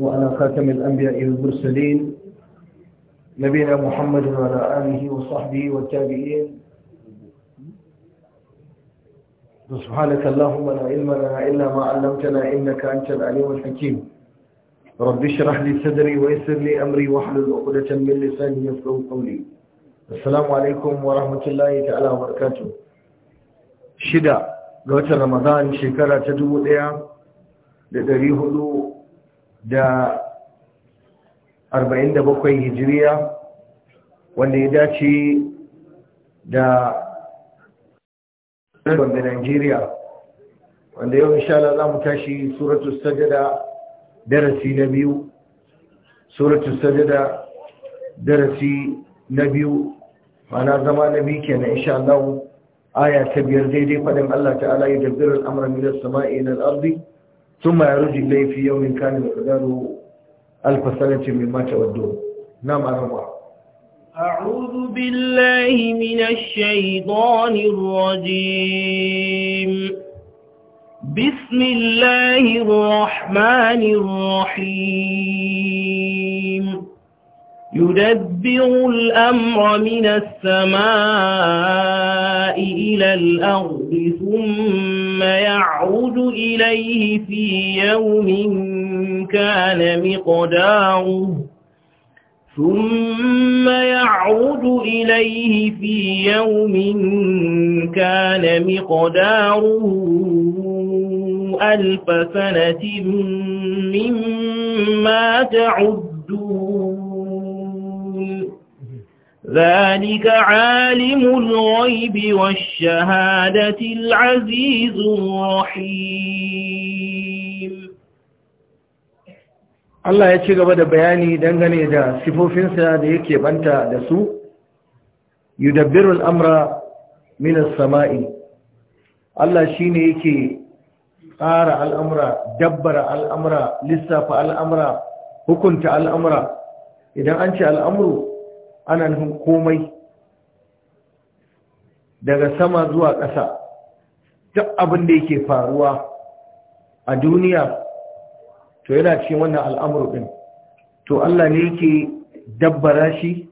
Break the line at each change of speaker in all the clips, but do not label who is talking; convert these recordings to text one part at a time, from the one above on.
وعلى خاتم الأنبياء والمرسلين نبينا محمد وعلى آله وصحبه والتابعين سبحانك اللهم لا علم لنا إلا ما علمتنا إنك أنت العليم الحكيم رب اشرح لي صدري ويسر لي أمري واحلل عقدة من لساني يفقهوا قولي السلام عليكم ورحمة الله تعالى وبركاته شدة ga watan ramadan shekara ta dubu ɗaya da ɗari hudu da 47 hijiriya wanda ya dace da da Najeriya wanda yau inshallah za mu tashi suratu sajada darasi na biyu suratu sajada darasi na biyu mana zama na biyu ke na inshallah aya ta biyar daidai faɗin Allah ta'ala ya dabbira al'amuran milar sama'i na al'ardi ثم يرجع إليه في يوم كان مقداره ألف سنة مما تودون نعم أنا الله
أعوذ بالله من الشيطان الرجيم بسم الله الرحمن الرحيم يدبر الأمر من السماء إلى الأرض ثم ثم يعود إليه في يوم كان مقداره ثم يعود إليه في يوم كان مقداره ألف سنة مما تعدون ذلك عالم الغيب والشهادة العزيز الرحيم
Allah ya ci gaba da bayani dangane da sifofinsa da yake banta da su, yudabbirul amra minas sama'i. Allah shi ne yake tsara al'amura, dabbara al'amura, lissafa al'amura, hukunta al'amura. Idan an ce al'amuru, ana nufin komai daga sama zuwa ƙasa duk abin da yake faruwa a duniya to yana cikin wannan al'amuru ɗin to Allah ne yake dabbara shi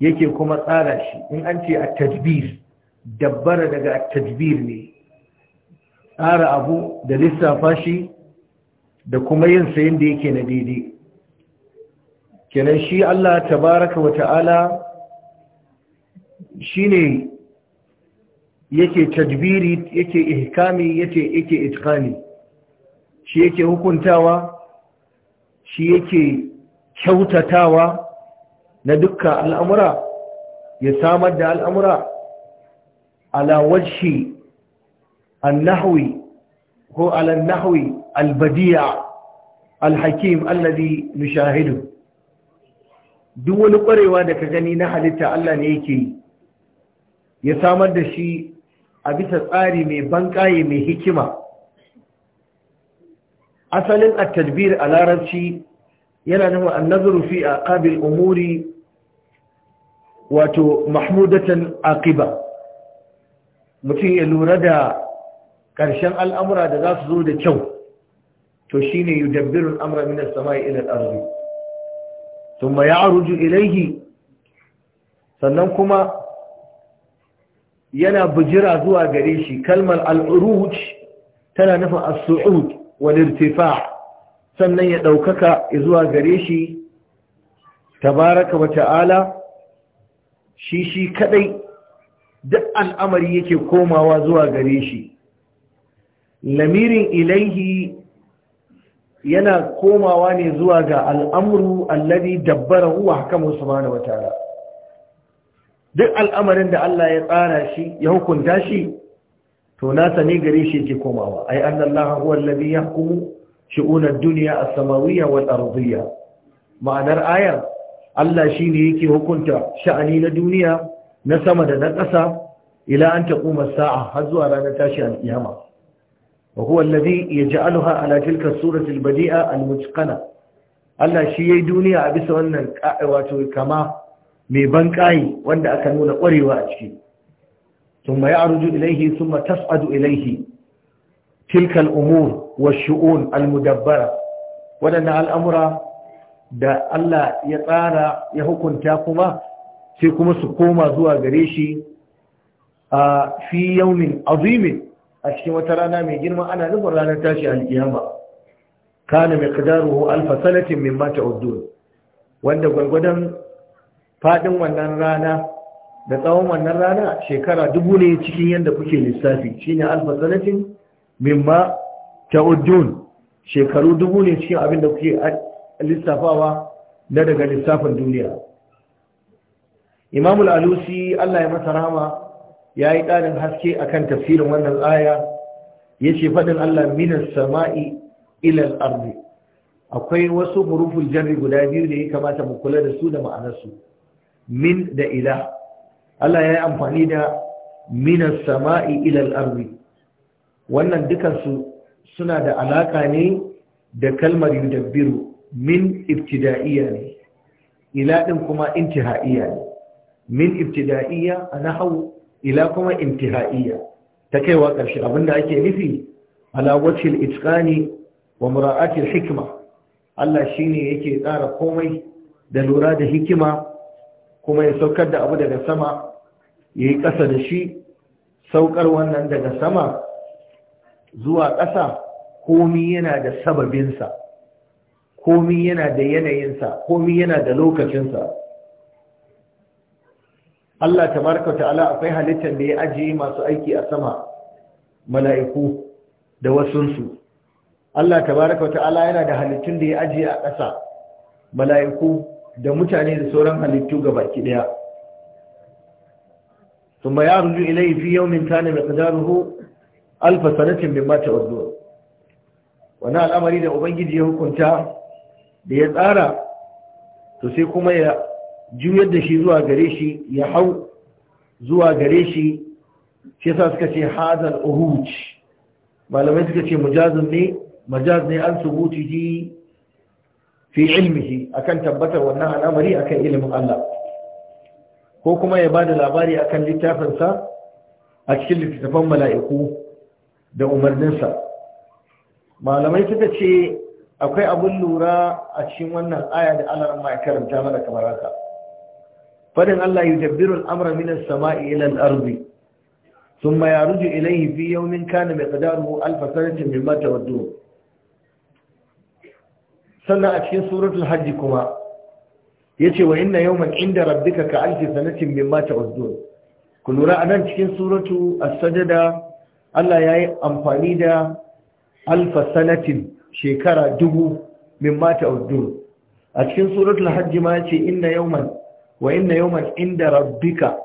yake kuma tsara shi in an ce a tajbir dabbara daga tajbir ne tsara abu da lissafa shi da kuma yin sayin da yake na daidai kenan shi Allah tabaraka wa ta'ala shine yake tadbiri yake ihkami yake yake itkani shi yake hukuntawa shi yake kyautatawa na dukkan al'amura ya samar da al'amura ala wajhi annahwi ko ala nahwi albadiya alhakim alladhi nushahidu duk wani ƙwarewa da ka gani na halitta Allah ne yake yi ya samar da shi a bisa tsari mai bankaye mai hikima asalin a tadbir a larabci yana an annazuru fi ƙabil umuri wato mahmudatan aqiba mutum ya lura da ƙarshen al'amura da za su zo da kyau to shine yudabbirun amra min as-sama'i ila al thumma ya'ruju ilayhi sannan kuma yana bujira zuwa gare shi kalmar al'uruj tana nufin as-su'ud sannan ya ɗaukaka zuwa gare shi tabaraka wa ta'ala shi shi kadai duk al'amari yake komawa zuwa gare shi lamirin ilaihi yana komawa ne zuwa ga al'amuru alladhi dabbara huwa hakamu wata wataala duk al'amarin da Allah ya tsara shi ya hukunta shi to nasa ne gare shi yake komawa ai annallaha huwa alladhi yahkumu shu'un ad-dunya as-samawiyya wal ardiyya ma'anar ayar Allah shine yake hukunta sha'ani na duniya na sama da na ƙasa ila an saa har zuwa ranar tashi al وهو الذي يجعلها على تلك الصورة البديئة المتقنة الله شيء دنيا أبس وأن كما مبنكاي وأن أكنون أري وأجي ثم يعرج إليه ثم تصعد إليه تلك الأمور والشؤون المدبرة وأن الأمر da Allah ya tsara ya hukunta kuma sai kuma su koma zuwa gare shi a fi yaumin azimin a cikin wata rana mai girma ana nufin ranar tashi alkiyama kana miqdaruhu alf min mata uddun wanda gwargwadon fadin wannan rana da tsawon wannan rana shekara dubu ne cikin yadda kuke lissafi shine alf sanatin ta uddun shekaru dubu ne cikin abin da kuke lissafawa na daga lissafin duniya imamul alusi Allah ya masa rahama ya yi ƙarin haske akan tafsirin wannan aya ya ce faɗin Allah minas sama'i ilal arzi. akwai wasu huruful jarri guda biyu da ya kamata mu kula da su da ma'anarsu min da ila Allah ya yi amfani da minas sama'i ilal arzi. wannan dukansu suna da alaƙa ne da kalmar yudabbiru min ibtida'iyya ne ila ɗin kuma intiha'iya ne min ibtida'iyya a hau. ila kuma intihaiya ta kaiwa ƙarshe abinda ake nufi ala wacce itqani wa mura'atil hikima. Allah shine yake tsara komai da lura da hikima kuma ya saukar da abu daga sama ya yi ƙasa da shi saukar wannan daga sama zuwa ƙasa komi yana da sababinsa komi yana da yanayinsa komi yana da lokacinsa Allah tabaraka ta'ala akwai halittar da ya ajiye masu aiki a sama mala'iku da wasunsu Allah tabaraka ta'ala yana da halittun da ya ajiye a ƙasa mala'iku da mutane da sauran halittu ga baki ɗaya ثم يعرج إليه في يوم كان مقداره ألف سنة مما wani al'amari da ubangiji ya hukunta da ya tsara to sai kuma ya juyar da shi zuwa gare shi ya hau zuwa gare shi shi yasa suka ce hadal uhuj malamai suka ce mujazin ne majaz ne an subutihi fi ilmihi akan tabbatar wannan al'amari akan ilimin Allah ko kuma ya bada labari akan littafinsa a cikin littattafan mala'iku da umarninsa malamai suka ce akwai abin lura a cikin wannan aya da Allah ya karanta mana kamar haka fadin Allah yi al-amra min sama'i ilan arzi. al-ardi thumma yaruju ilayhi fi yawmin kana miqdaruhu alf sanatin mata tawaddu sannan a cikin suratul hajji kuma Ya ce wa inna yawman inda rabbika ka alf sanatin mata tawaddu Ku lura a nan cikin suratu as-sajda Allah ya yi amfani da alf shekara dubu mata tawaddu a cikin suratul hajji ma ya yace inna yawman wa inna yawman inda rabbika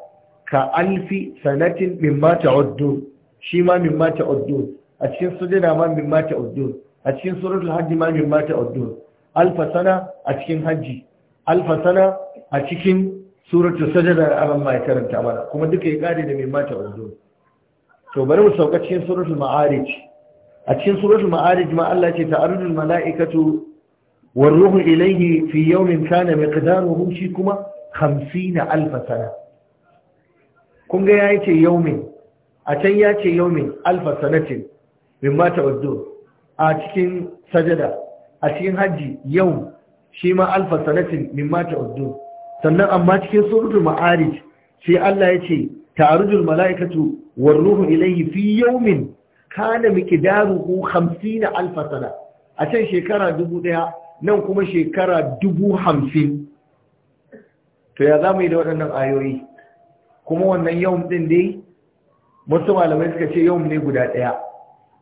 ka alfi sanatin mimma ta'uddun shi ma mimma ta'uddun a cikin sujada ma mimma ta'uddun a cikin suratul hajji ma mimma ta'uddun alfa sana a cikin hajji alfa sana a cikin suratul sajada aran ma ya karanta mana kuma duka ya kare da mimma ta'uddun to bari mu sauka cikin suratul ma'arij a cikin suratul ma'arij ma Allah ce ta'arujul mala'ikatu والروح إليه في يوم كان مقداره shi kuma hamsina alfa sana kun ga ya ce yaumin a can ya ce yaumin alfa sanatin min mata waddo a cikin sajada a cikin hajji yau shi ma alfa sanatin min mata waddo sannan amma cikin suratul ma'arij sai Allah ya ce ta'arujul mala'ikatu war ruhu ilayhi fi yawmin kana miqdaruhu 50 alf sana a can shekara 1000 nan kuma shekara 50 to ya za mu yi da waɗannan ayoyi kuma wannan yawon ɗin dai wasu malamai suka ce yawon ne guda ɗaya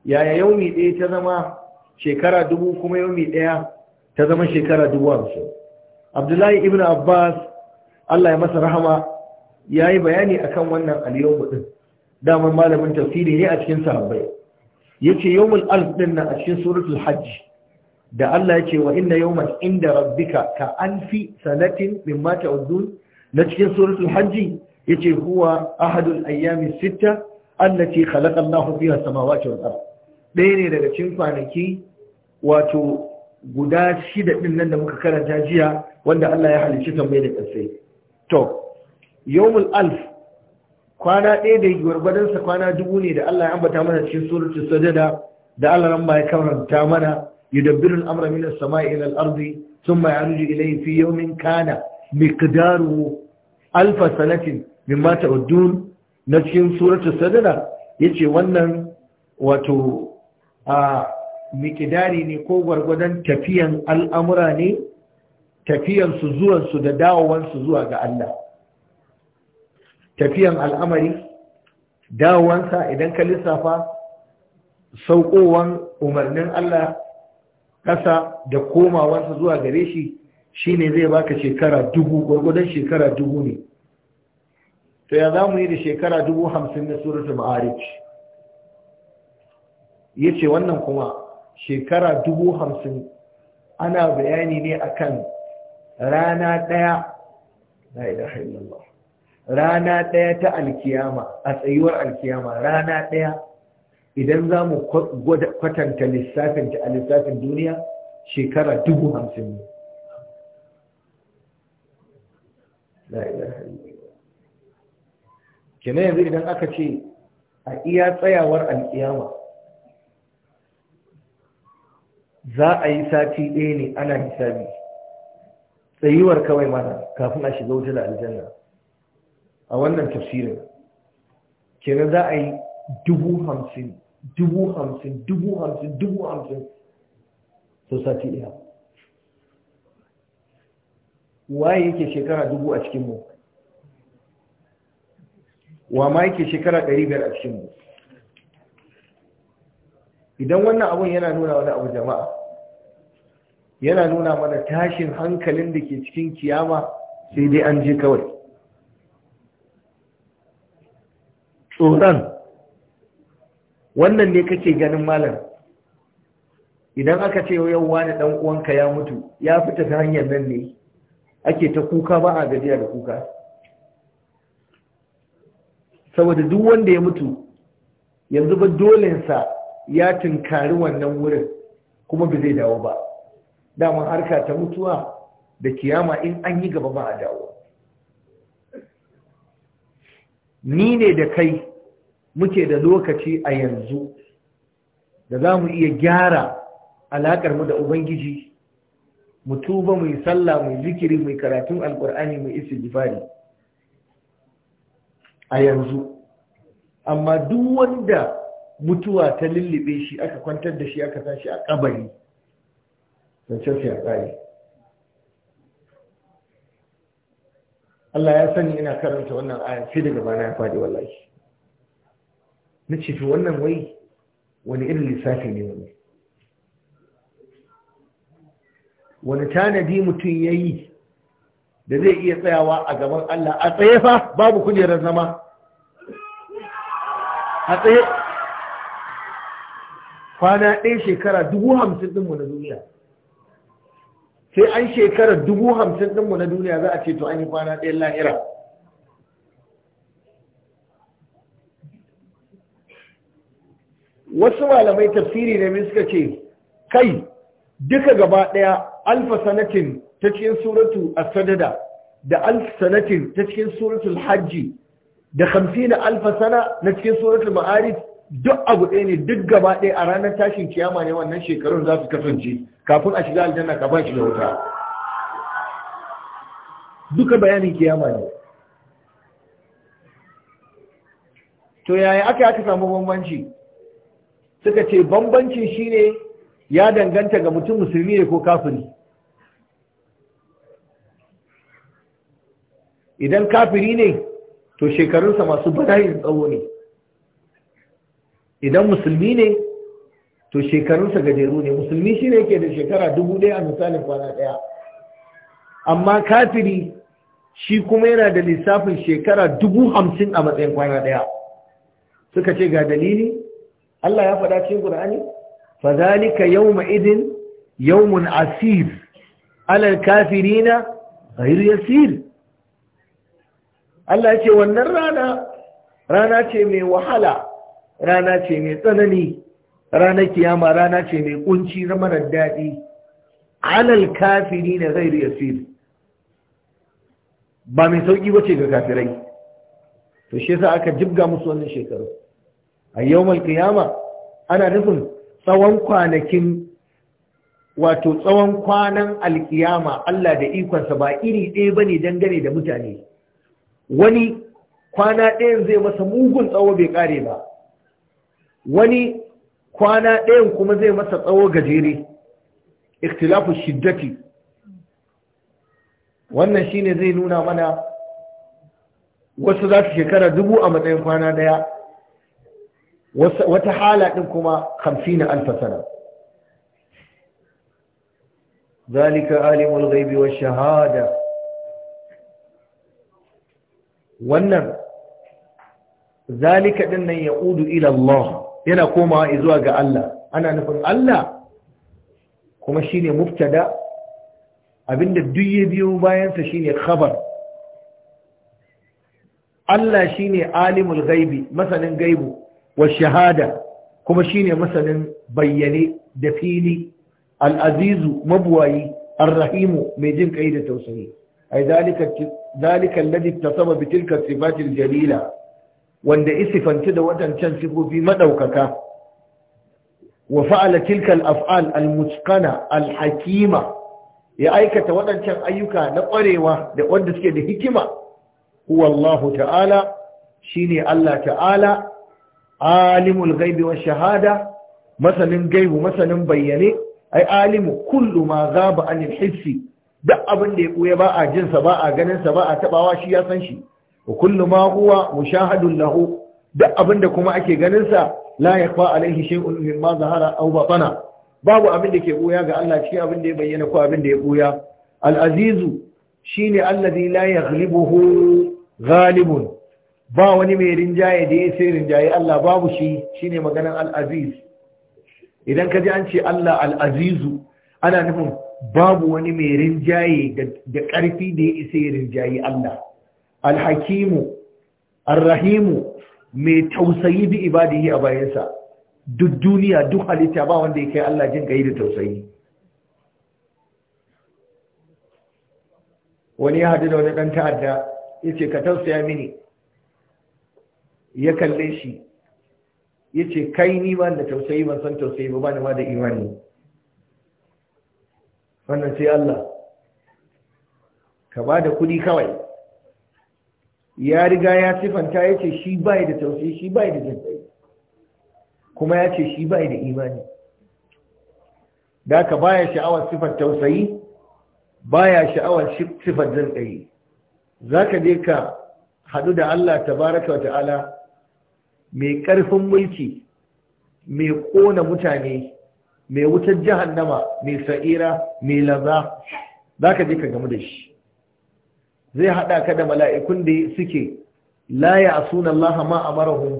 yaya yaumi ɗaya ta zama shekara dubu kuma yaumi ɗaya ta zama shekara dubu hamsin abdullahi ibn abbas allah ya masa rahama ya yi bayani a kan wannan aliyu ɗin damar malamin tafsiri ne a cikin sahabbai ya ce yawon alf ɗin nan a cikin suratul hajji da Allah ya ce wa inna yawman inda rabbika ka alfi sanatin mimma ta'udun na cikin suratul hajji Ya ce huwa ahadul ayyami sitta allati khalaqa lahu fiha samawati wal ard ɗaya ne daga cikin kwanaki wato guda shida ɗin nan da muka karanta jiya wanda Allah ya halicci tambaye da ƙasai to yawmul alf kwana ɗaya da gwargwadonsa kwana dubu ne da Allah ya ambata mana cikin suratul sajada da Allah ran ba ya karanta mana يدبر الأمر من السماء إلى الأرض ثم يعرج إليه في يوم كان مقداره ألف سنة مما تعدون نتشين سورة السدنة يتشي ونن وتو mikidari ne ko gwargwadon tafiyan al'amura ne tafiyansu zuwansu da dawowansu zuwa ga Allah tafiyan al'amari dawowansa idan ka lissafa sauƙowan umarnin Allah ƙasa da komawarsa zuwa gare shi shi ne zai baka shekara dubu gwargwadon shekara dubu ne to ya za mu yi da shekara dubu hamsin na suratul ma'arij ya ce wannan kuma shekara dubu hamsin ana bayani ne akan rana ɗaya
la ilaha illallah
rana ɗaya ta alkiyama a tsayuwar alkiyama rana ɗaya idan za mu kwatanta lissafinta a lissafin duniya shekara dubu hamsin ne kina yanzu idan aka ce a iya tsayawar alkiyama za a yi sati ɗaya ne ana hisabi tsayuwar kawai mana kafin a shiga da aljanna a wannan tafsirin kenan za a yi dubu hamsin dubu hamsin dubu hamsin dubu hamsin so sati ɗaya waye yake shekara dubu a cikinmu wa ma yake shekara ɗari biyar a cikinmu idan wannan abun yana nuna wani abu jama'a yana nuna mana tashin hankalin da ke cikin kiyama sai dai an je kawai tsoron wannan ne kake ganin malam idan aka ce yau wani dan uwanka ya mutu ya fita ta hanyar nan ne ake ta kuka ba a gajiya da kuka saboda duk wanda ya mutu yanzu ba dolensa ya tunkari wannan wurin kuma ba zai dawo ba daman harka ta mutuwa da kiyama in an yi gaba ba a dawo ni ne da kai muke da lokaci a yanzu da za mu iya gyara alaƙar mu da ubangiji mu tuba mu yi sallah mu zikiri mu karatun alkur'ani mu istighfari a yanzu amma duk wanda mutuwa ta lullube shi aka kwantar da shi aka tashi a kabari zancen sai a tsari Allah ya sani ina karanta wannan aya sai daga bana ya faɗi wallahi na ce to wannan wai wani irin lissafi ne wani wani tanadi mutum ya yi da zai iya tsayawa a gaban Allah a tsaye fa babu kujerar zama a tsaye kwana ɗaya shekara dubu hamsin ɗinmu na duniya sai an shekara dubu hamsin ɗinmu na duniya za a ce to an yi kwana ɗaya lahira wasu malamai tafsiri ne min suka ce kai duka gaba ɗaya alfa sanatin ta cikin suratu as-sadada da alfa sanatin ta cikin suratul hajji da 50 alfa sana na cikin suratul ma'arif duk abu ɗaya ne duk gaba ɗaya a ranar tashin kiyama ne wannan shekarun za su kasance kafin a shiga aljanna ka ba shi da wuta duka bayanin kiyama ne to yaya aka aka samu bambanci suka ce bambancin shine ya danganta ga mutum musulmi ne ko kafiri idan kafiri ne to shekarunsa masu bala'in tsawo ne idan musulmi ne to shekarunsa gajeru ne musulmi shi ne ke da shekara dubu ɗaya a misalin kwana ɗaya amma kafiri shi kuma yana da lissafin shekara dubu hamsin a matsayin kwana ɗaya suka ce ga dalili Allah ya faɗa cikin Qur'ani fa zalika yawma idin yawmun asir alal kafirina ghayr yasir Allah ya wannan rana rana ce mai wahala rana ce mai tsanani rana kiyama rana ce mai kunci na marar daɗi alal kafiri na yasir ba mai sauƙi ba ga kafirai to shi yasa aka jibga musu wannan shekaru a yau qiyama ana nufin tsawon kwanakin wato tsawon kwanan alkiyama Allah da ikonsa ba iri ɗaya ba bane dangane da mutane wani kwana ɗayan zai masa mugun tsawo bai ƙare ba wani kwana ɗayan kuma zai masa tsawo gajere ikhtilafu shiddati wannan shine zai nuna mana wasu za su shekara dubu a matsayin kwana ɗaya wata hala ɗin kuma 50 alf sana zalika alimul ghaibi shahada wannan zalika ɗin nan yaudu ila Allah yana komawa zuwa ga Allah ana nufin Allah kuma shine mubtada abinda duk ya biyo bayansa shine khabar Allah shine alimul ghaibi masanin gaibu wa shahada kuma shine masanin bayyane da fili al'azizu mabuwayi arrahimu mai jin kai da tausayi ai ladi alladhi tasaba bi tilka sifatil jalila wanda isifanci da wadancan sifofi maɗaukaka. wa fa'ala tilka al-af'al al-mutqana al-hakima ya aikata waɗancan ayyuka na ƙwarewa da wanda suke da hikima Wallahu Allah ta'ala shine Allah ta'ala alimul gaibi wa shahada masanin gaibu masanin bayyane ai alimu kullu ma gaba anil hissi duk abin da ya ɓuya ba a jinsa ba a ganinsa ba a taɓawa shi ya san shi wa kullu ma huwa mushahadun lahu duk abin da kuma ake ganinsa la yakfa alaihi shay'un mimma zahara aw batana babu abin da ke ɓuya ga Allah cikin abin da ya bayyana ko abin da ya ɓuya al-azizu shine allazi la yaghlibuhu ghalibun ba wani mai rinjaye da ya sai rinjaye Allah babu shi shine maganan al-aziz idan ka ji an ce Allah al-azizu ana nufin babu wani mai rinjaye da ƙarfi da ya isa ya rinjaye Allah al-hakimu ar-rahimu mai tausayi bi ibadihi a bayansa duk duniya duk halitta ba wanda ya kai Allah jin kai da tausayi wani ya hadu da wani ɗan ta'adda ya ce ka tausaya mini ya kalle shi ya ce kai ni ba da tausayi ban san tausayi ba ba ma da imani wannan sai Allah ka ba da kudi kawai ya riga ya sifanta ya ce shi bai da tausayi shi bai da jinkai kuma ya ce shi bai da imani da ka baya sha'awar sifar tausayi baya sha'awar sifar jinkai za ka je ka haɗu da Allah tabaraka wa ta'ala mai ƙarfin mulki mai ƙona mutane mai wutar nama, mai sa'ira mai laza za ka je ka gamu da shi zai haɗa ka da mala'ikun da suke laya a sunan Allah ma amarahum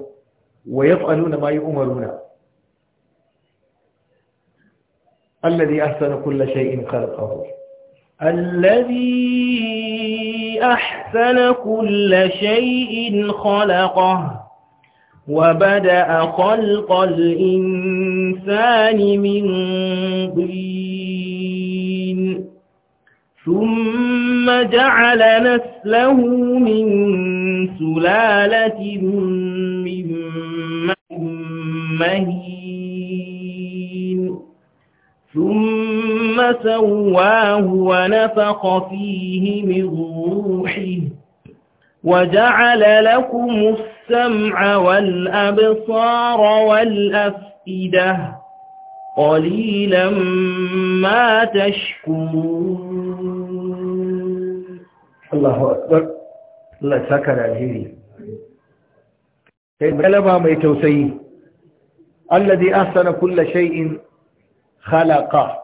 wa na ma yu'maruna alladhi ahsana kulla shay'in khalaqahu
alladhi ahsana kulla shay'in khalaqahu وبدأ خلق الإنسان من طين ثم جعل نسله من سلالة من مهين ثم سواه ونفق فيه من روحه وجعل لكم السمع والأبصار والأفئدة قليلا ما تشكرون الله أكبر الله سكر
الهيري كلمة ما يتوسي الذي أحسن كل شيء خلقه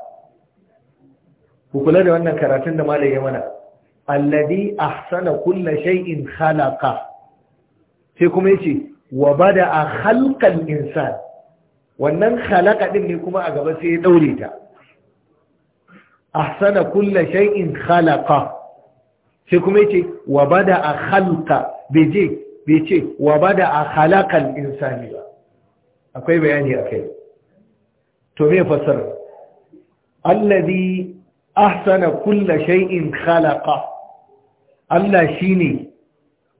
وكلنا أن كراتنا ما لي يمنع Alladi ahsana kulla shay'in khalaqa sai kuma yace wa bada'a khalqal insan wannan khalaqa din ne kuma a gaba sai ya daure ta ahsana kulla shay'in khalaqa sai kuma yace wa bada'a khalqa beje beje wa bada'a khalaqal insani ba akwai bayani akai to me fasara Alladi ahsana kulla shay'in khalaqa Allah shi ne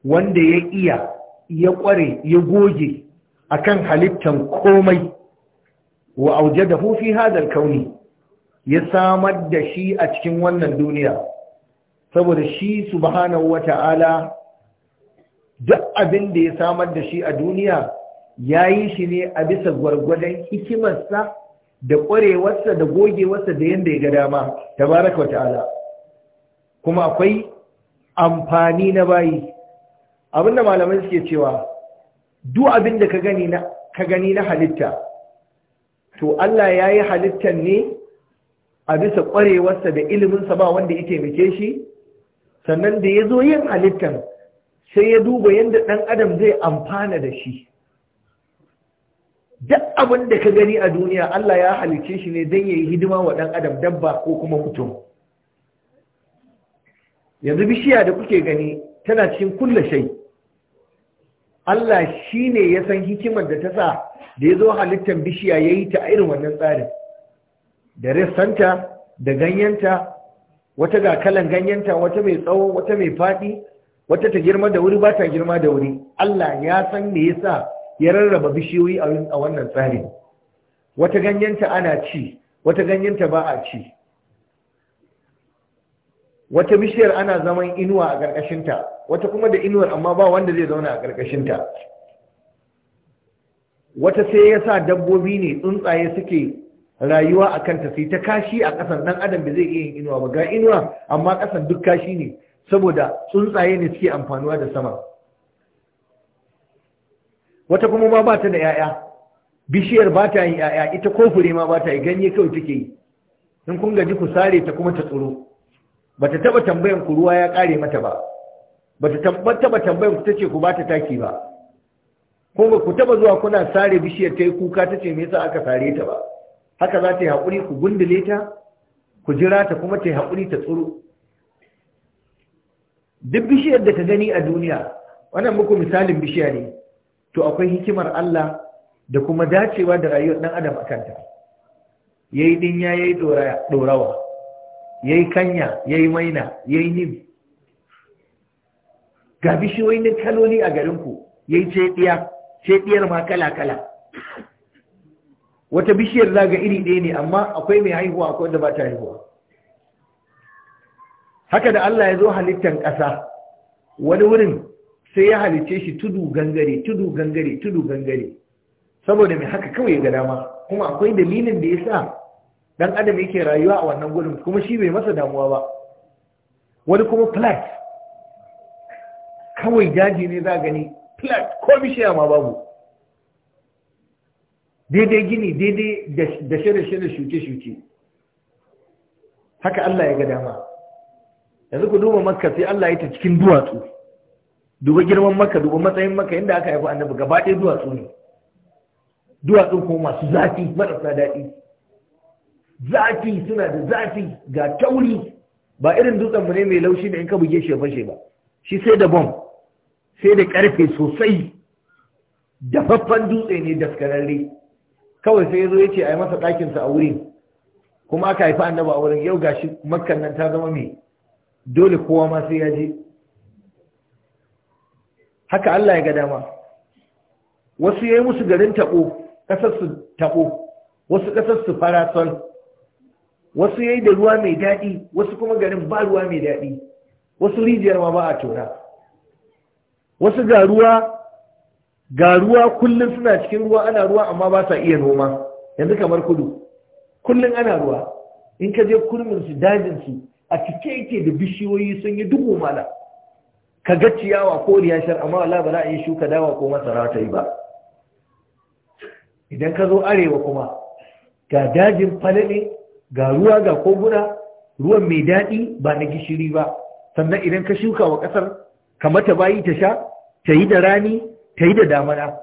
wanda ya iya ya kware ya goge akan halittar komai wa da hufi hadar kauni ya samar da shi a cikin wannan duniya saboda shi subhanahu wata'ala duk abin da ya samar da shi a duniya ya yi shi ne a bisa gwargwadon hikimarsa da ƙwarewarsa da gogewarsa da yadda ya ga dama tabaraka wata'ala kuma akwai amfani na bayi abinda malamai suke cewa duk abinda ka ka gani na halitta to Allah ya yi halittar ne a bisa ƙwarewarsa da iliminsa ba wanda ya taimake shi sannan da ya zo yin halittar sai ya duba yadda ɗan adam zai amfana da shi duk abin da ka gani a duniya Allah ya halice shi ne don ya yi hidima wa ɗan adam dabba ko kuma mutum yanzu bishiya da kuke gani tana cikin kulle shai Allah shi ne ya san hikimar da ta sa da ya zo halittar bishiya ya yi ta irin wannan tsarin da rassanta da ganyenta wata ga kalan ganyenta wata mai tsawo wata mai faɗi wata ta girma da wuri ba ta girma da wuri Allah ya san me ya sa ya rarraba bishiyoyi a wannan tsarin wata ganyenta ana ci wata ganyenta ba a ci wata bishiyar ana zaman inuwa a ƙarƙashinta wata kuma da inuwar amma ba wanda zai zauna a ƙarƙashinta wata sai ya sa dabbobi ne tsuntsaye suke rayuwa a kanta sai ta kashi a ƙasan ɗan adam da zai iya yin inuwa ba ga inuwa amma ƙasan duk kashi ne saboda tsuntsaye ne suke amfanuwa da sama wata kuma ma ba ta da 'ya'ya bishiyar ba ta yi 'ya'ya ita ko fure ma ba ta yi ganye kawai take yi in kun gaji ku sare ta kuma ta tsoro bata taba tambayan ku ruwa ya kare mata ba bata taba tambayan ku tace ku bata taki ba ko ba ku taba zuwa kuna sare bishiyar ta yi kuka tace me yasa aka sare ta ba haka za ta yi hakuri ku gundule ta ku jira ta kuma ta yi hakuri ta tsuru duk bishiyar da ta gani a duniya wannan muku misalin bishiya ne to akwai hikimar Allah da kuma dacewa da rayuwar dan adam a kanta yayi dinya yayi dorawa ya yi kanya ya yi maina ya yi nim ga bishiyoyi na kaloli a garinku ya yi cediya cediyar ma kala-kala wata bishiyar zaga iri ɗaya ne amma akwai mai haihuwa akwai wanda ba ta haihuwa haka da Allah ya zo halittar ƙasa wani wurin sai ya halicce shi tudu gangare tudu gangare tudu gangare saboda mai haka kawai ya ga dama kuma akwai dalilin da ya sa dan adam yake rayuwa a wannan gurin kuma shi bai masa damuwa ba wani kuma flat kawai daji ne za gani flat ko bishiya ma babu daidai gini daidai da shirye da shuke-shuke haka Allah ya ga dama yanzu ku duba makka sai Allah ya ta cikin duwatsu duba girman makka duba matsayin makka inda aka haifi annabi gaba ɗaya duwatsu ne duwatsu kuma masu zafi marasa daɗi zafi suna da zafi ga tauri ba irin dutsen ne mai laushi da in ka buge shi ya fashe ba shi sai da bom sai da karfe sosai dafaffen dutse ne da daskararre kawai sai zo ya ce a yi masa ɗakinsa a wurin kuma aka haifi annaba a wurin yau gashi makkan nan ta zama mai dole kowa ma sai ya je haka Allah ya ga dama wasu ya yi musu garin taɓo ƙasar su taɓo wasu ƙasar su farasol wasu yayi da ruwa mai daɗi wasu kuma garin ba ruwa mai daɗi wasu rijiyar ma ba a tona wasu ga ruwa ga ruwa kullum suna cikin ruwa ana ruwa amma ba sa iya noma yanzu kamar kudu kullum ana ruwa in ka je kurmin su dajin su a cike yake da bishiyoyi sun yi dubu mala ka ga ciyawa ko riyashar amma wala ba za a yi shuka dawa ko masara ta yi ba idan ka zo arewa kuma ga dajin ne. ga ruwa ga koguna ruwan mai daɗi ba na gishiri ba sannan idan ka shuka wa ƙasar kamata bayi ta sha ta yi da rani ta yi da damana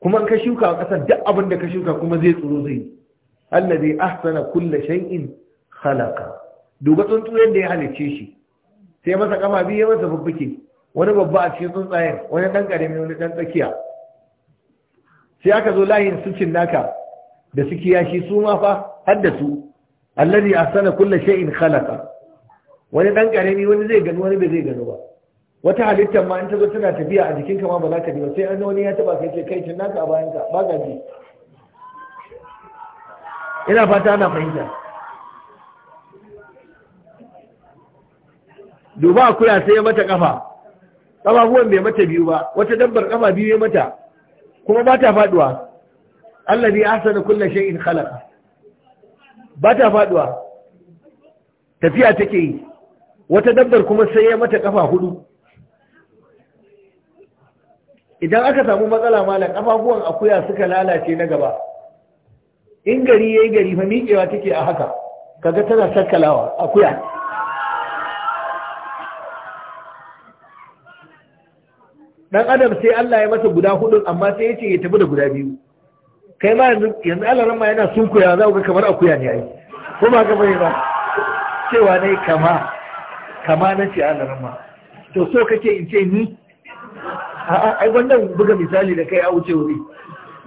kuma ka shuka wa ƙasar duk abin da ka shuka kuma zai tsoro zai Allah zai ahsana kulla shay'in khalaqa duba tsuntsuyen da ya halicce shi sai masa kama biyu ya masa fuffuke wani babba a cikin tsuntsayen wani ɗan ƙarami wani ɗan tsakiya sai aka zo layin su naka da suke yashi su ma fa har da su alladhi asana kulli shay'in khalaqa wani dan karemi wani zai gani wani bai zai gani ba wata halitta ma in ta zo tana tafiya a jikin ka ma ba za ka ji ba sai an wani ya taba kai ce kai tun naka a bayan ka ba ga ji ina fata ana fahimta duba akuya sai ya mata kafa kafafuwan bai mata biyu ba wata dabbar kafa biyu ya mata kuma ba ta faduwa allazi asana kulli shay'in khalaqa ba ta faduwa tafiya take yi wata dabbar kuma sai ya mata kafa hudu idan aka samu matsala malam kafafuwan akuya suka lalace na gaba in gari yayi gari fa miƙewa take a haka kaga tana sakkalawa akuya dan adam sai Allah ya masa guda hudu amma sai ya ce ya tafi da guda biyu kai ma yanzu alaran ma yana sunkuya za ga kamar akuya ne ai ko ba gaba ba cewa ne kama kama na ce alaran ma to so kake in ce ni a'a ai wannan buga misali da kai a wuce wuri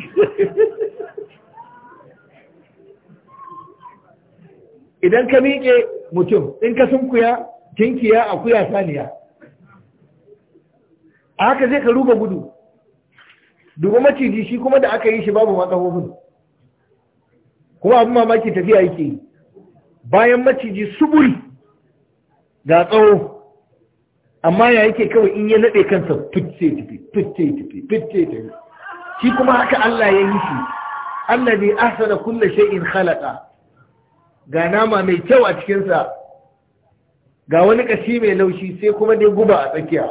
idan ka miƙe mutum in ka sunkuya tinkiya akuya saniya a haka zai ka ruba gudu dubu maciji shi kuma da aka yi shi babu matsahofin kuma abin mamaki tafiya yake yi bayan maciji subul ga tsawo amma ya yake kawai in ya naɗe kansa tutse tafi tutse tafi tutse tafi shi kuma haka Allah ya yi shi Allah bai ahsana kulle sha'in khalaqa ga nama mai kyau a cikinsa ga wani kashi mai laushi sai kuma dai guba a tsakiya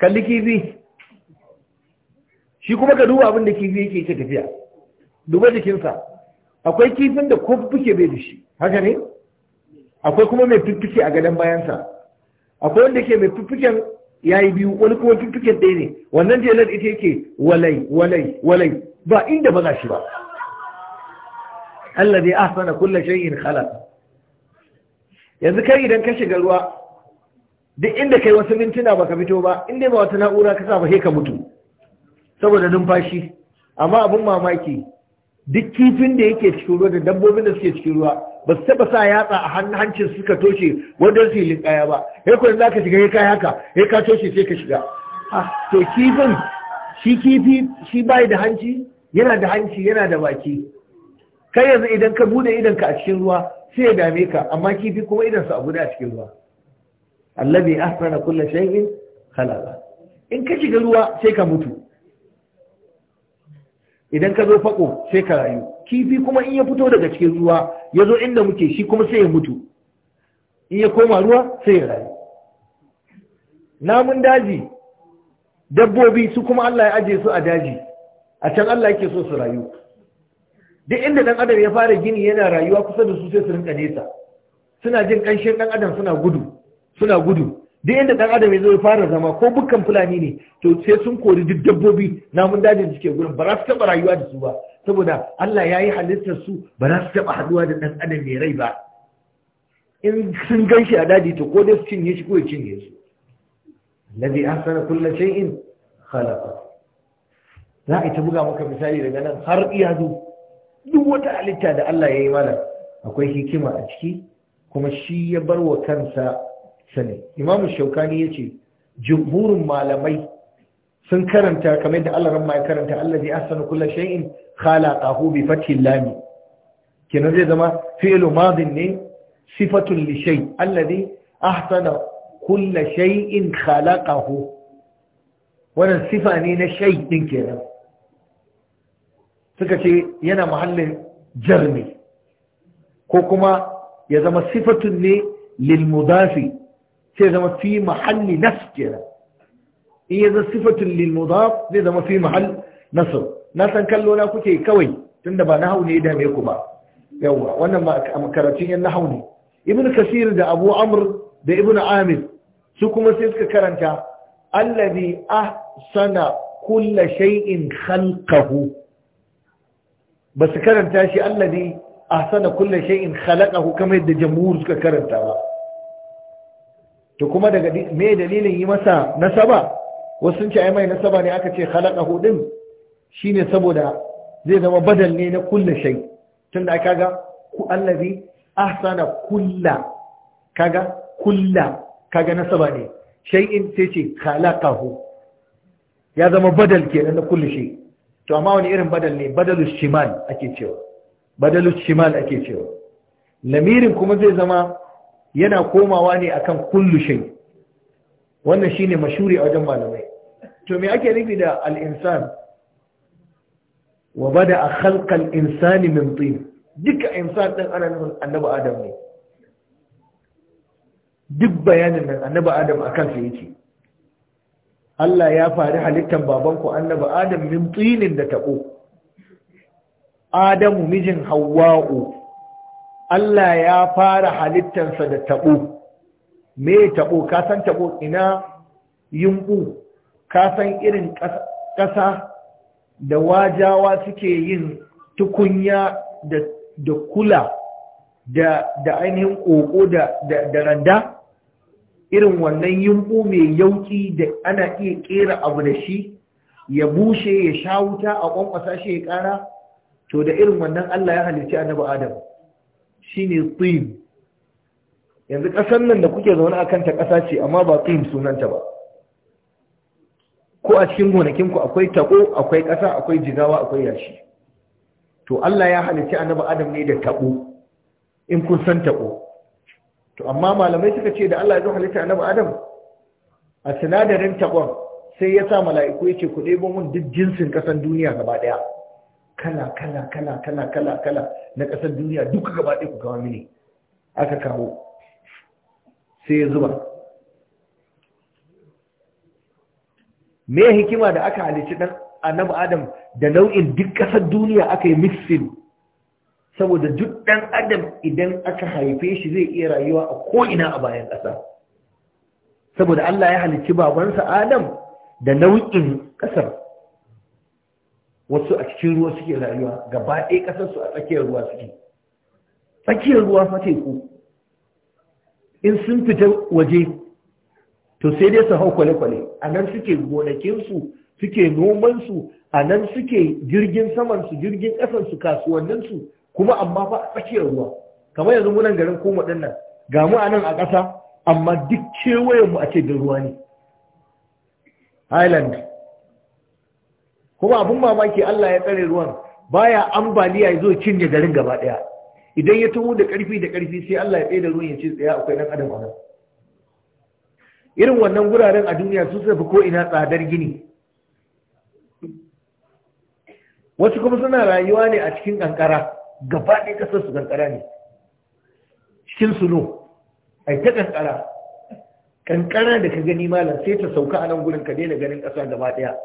kalli kifi shi kuma ka duba abin da kifi yake ke tafiya duba jikinsa akwai kifin da ko fuke bai da shi haka ne akwai kuma mai fuffuke a gadon bayansa akwai wanda ke mai fuffuken ya yi biyu wani kuma fuffuken ɗaya ne wannan jelar ita yake walai walai walai ba inda ba za shi ba Allah zai ahsana shan shay'in khala yanzu kai idan ka shiga ruwa duk inda kai wasu mintuna baka fito ba inda ba wata na'ura ka sa ba sai ka mutu saboda numfashi amma abin mamaki duk kifin da yake cikin ruwa da dabbobin da suke cikin ruwa ba su taba sa yatsa a hancin suka toshe wanda su yi linkaya ba sai kuma za ka shiga ya kai haka ya ka toshe sai ka shiga ah, to kifin shi kifi shi bai da hanci yana da hanci yana da baki kai yanzu idan ka bude idan ka a cikin ruwa sai ya dame ka amma kifi kuma idan su a bude a cikin ruwa allazi ahsana kulli shay'in khalaqa in ka shiga ruwa sai ka mutu idan ka zo fako sai ka rayu kifi kuma in ya fito daga cikin ruwa ya zo inda muke shi kuma sai ya mutu in ya koma ruwa sai ya rayu namun daji dabbobi su kuma Allah ya aje su a daji a can Allah yake so su rayu duk inda dan adam ya fara gini yana rayuwa kusa da su sai su rinka nesa suna jin kanshin dan adam suna gudu suna gudu duk inda dan adam ya zo ya fara zama ko bukkan fulani ne to sai sun kori duk dabbobi namun dajin da suke gurin ba za su taɓa rayuwa da su ba saboda Allah ya yi halittar su ba za su taɓa haɗuwa da ɗan adam mai rai ba in sun gan shi a daji to ko dai su cinye shi ko ya cinye su ladhi ahsana kulli shay'in khalaqa za a ta buga maka misali daga nan har iya zo duk wata halitta da Allah ya yi mana akwai hikima a ciki kuma shi ya bar wa kansa sani imamu shaukani ya ce jumhurin malamai sun karanta kamar da Allah ramma ya karanta Allah zai asana kula shay'in khalaqahu bi fathil lami kenan zai zama fi'lu madin ne sifatun lishai allah zai asana kulla shay'in khalaqahu wannan sifa ne na shai ɗin kenan suka ce yana mahallin jarmi ko kuma ya zama sifatun ne lilmuzafi. sai zama fi mahalli nas kenan in ya zama sifatun zai zama fi mahall nasr na san kallo na kuke kawai tunda ba hau ne ya dame ku ba yawa wannan makarantun yan nahwu ne ibn kasir da abu amr da ibn amir su kuma sai suka karanta allazi ahsana kulla shay'in khalqahu ba su karanta shi allazi ahsana kulla shay'in khalaqahu kamar yadda jamhur suka karanta ba to kuma daga me dalilin yi masa nasaba wasu sun ce ai mai nasaba ne aka ce khalaqahu din shine saboda zai zama badal ne na kullu shay tunda aka kaga ku allazi ahsana kulla kaga kulla kaga nasaba ne shay'in sai ce khalaqahu ya zama badal kenan na kullu shay to amma wani irin badal ne badalu shimal ake cewa badalu shimal ake cewa lamirin kuma zai zama yana komawa ne akan kullu shay wannan shine mashuri a wajen malamai to me ake nufi da al-insan wa bada khalqa al-insani min tin duka insan din ana nufin annabi adam ne duk bayanin nan annabi adam akan sa yake Allah ya fari halittar ku annabi adam min tinin da tako adamu mijin hawwa'u Allah ya fara halittarsa da taɓo me taɓo ka san taɓo ina yumɓu ka san irin ƙasa da wajawa suke yin tukunya da kula da ainihin ƙoƙo da randa irin wannan yumɓu mai yauƙi da ana iya ƙera abu da shi ya bushe ya sha wuta a ƙwanƙwasa shi ya ƙara to da irin wannan Allah ya halitta annabi Adam. Shi ne tsim yanzu ƙasar nan da kuke zaune a kanta ƙasa ce amma ba tsim sunanta ba ko a cikin gonakinku akwai taɓo akwai ƙasa akwai jigawa akwai yashi to Allah ya halicci annabi Adam ne da taɓo in kun san taɓo to amma malamai suka ce da Allah ya zo halitta annabi Adam a sinadarin taɓon sai ya sa mala'iku ya ce ku ɗebo mun duk jinsin ƙasan duniya gaba ɗaya kala kala kala kala kala kala na ƙasar duniya duka gaba ɗaya ku kawo mini aka kawo sai ya zuba me hikima da aka halici ɗan annabi adam da nau'in duk ƙasar duniya aka yi mixin saboda duk ɗan adam idan aka haife shi zai iya rayuwa a ko ina a bayan ƙasa saboda Allah ya halici babansa adam da nau'in ƙasar wasu a cikin ruwa suke rayuwa gaba ɗaya ƙasarsu a tsakiyar ruwa suke tsakiyar ruwa fa ku in sun fita waje to sai dai su hau kwale-kwale a nan suke gonakinsu suke nomansu a nan suke jirgin samansu jirgin ƙasansu kasuwanninsu kuma amma fa a tsakiyar ruwa kamar yanzu munan garin koma ɗin nan ga mu a nan a ƙasa amma duk mu a ce da ruwa ne highland kuma abin mamaki Allah ya tsare ruwan baya ambaliya ya zo cinye garin gaba daya idan ya taho da karfi da karfi sai Allah ya tsaye da ruwan ya ce tsaya akwai dan adam a irin wannan guraren a duniya su fi ko ina tsadar gini wasu kuma suna rayuwa ne a cikin kankara gaba ɗaya kasar su kankara ne cikin suno ai ta kankara kankara da ka gani malam sai ta sauka a nan gurin ka daina ganin ƙasa gaba ɗaya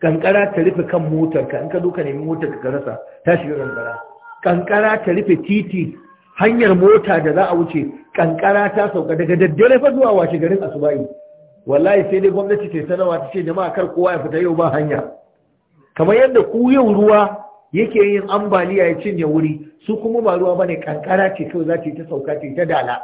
Ƙanƙara ta rufe kan motarka in ka duka nemi motar ka rasa ta shiga kankara Ƙanƙara ta rufe titi hanyar mota da za a wuce ƙanƙara ta sauka daga daddare fa zuwa washe garin asuba'i wallahi sai dai gwamnati ta sanarwa ta ce jama'a kar kowa ya fita yau ba hanya kamar yadda ku yau ruwa yake yin ambaliya ya cinye wuri su kuma ba ruwa bane ƙanƙara ce kawai za ta ta sauka ta ta dala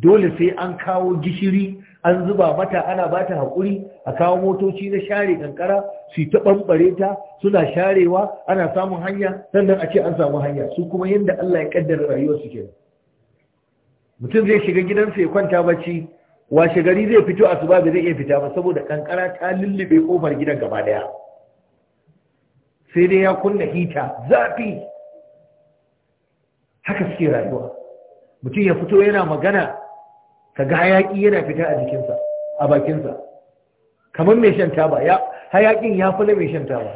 dole sai an kawo gishiri an zuba mata ana ba ta haƙuri a kawo motoci na share kankara su ta ɓamɓare ta suna sharewa ana samun hanya sannan a ce an samu hanya su kuma yadda Allah ya ƙaddara rayuwar su ke mutum zai shiga gidansa ya kwanta bacci washe gari zai fito a ba zai iya fita ba saboda ƙanƙara ta lullube kofar gidan gaba ɗaya? sai dai ya kunna hita zafi haka suke rayuwa mutum ya fito yana magana ka ga hayaki yana fita a jikinsa a bakinsa kamar mai shan taba ya hayakin ya fi na mai shan taba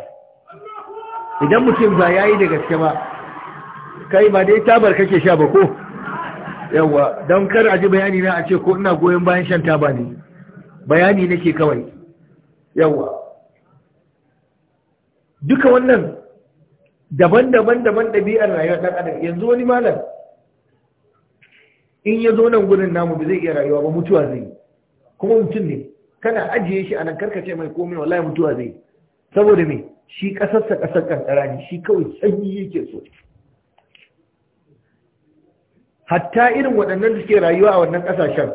idan mutum ba ya yi da gaske ba kai ba dai tabar kake sha ba ko yawa don kar a ji bayani na a ce ko ina goyon bayan shan taba ne bayani nake kawai yawa duka wannan daban-daban daban ɗabi'ar rayuwar ɗan adam yanzu wani malam in ya zo nan gurin namu ba zai iya rayuwa ba mutuwa zai kuma mutum ne kana ajiye shi a nan karkace mai komai wallahi mutuwa zai saboda me shi kasarsa kasar kankara ne shi kawai sanyi yake so hatta irin waɗannan da suke rayuwa a wannan ƙasashen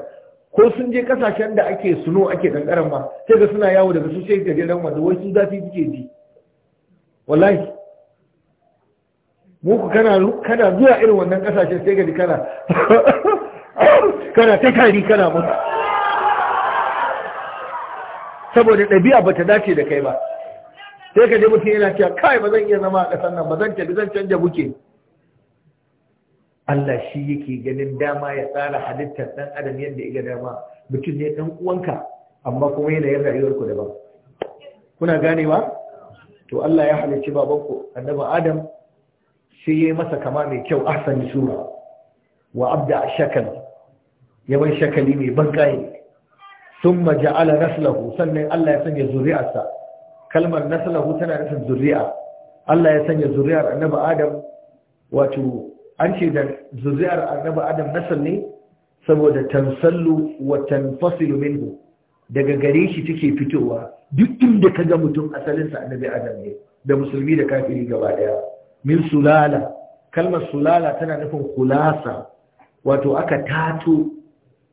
ko sun je ƙasashen da ake suno ake kankaran ma sai ga suna yawo daga su sai gajeren wanda wai su zafi suke ji wallahi muku kana zuwa irin wannan ƙasashen sai ga kana kana ta kari kana mutu saboda ɗabi'a ba ta dace da kai ba sai ka je mutum yana cewa kai ba zan iya zama a ƙasar nan ba zan tafi zan canja buke Allah shi yake ganin dama ya tsara halittar ɗan adam yadda ya ga dama mutum ne ɗan uwanka amma kuma yana yanayin ku daban kuna ganewa to Allah ya halicci babanku annabi Adam sai yayi masa kama mai kyau ahsani sura wa abda shakal ya shakali mai bankaye sun maja'ala naslahu sannan Allah ya sanya zuri'arsa kalmar naslahu tana nufin zuri'a Allah ya sanya zuri'ar annaba Adam wato an ce da zuri'ar annaba Adam nasal ne saboda tansallu wa tanfasilu minhu daga gare shi take fitowa duk inda ka ga mutum asalinsa annabi Adam ne da musulmi da kafiri gaba daya min sulala kalmar sulala tana nufin kulasa wato aka tato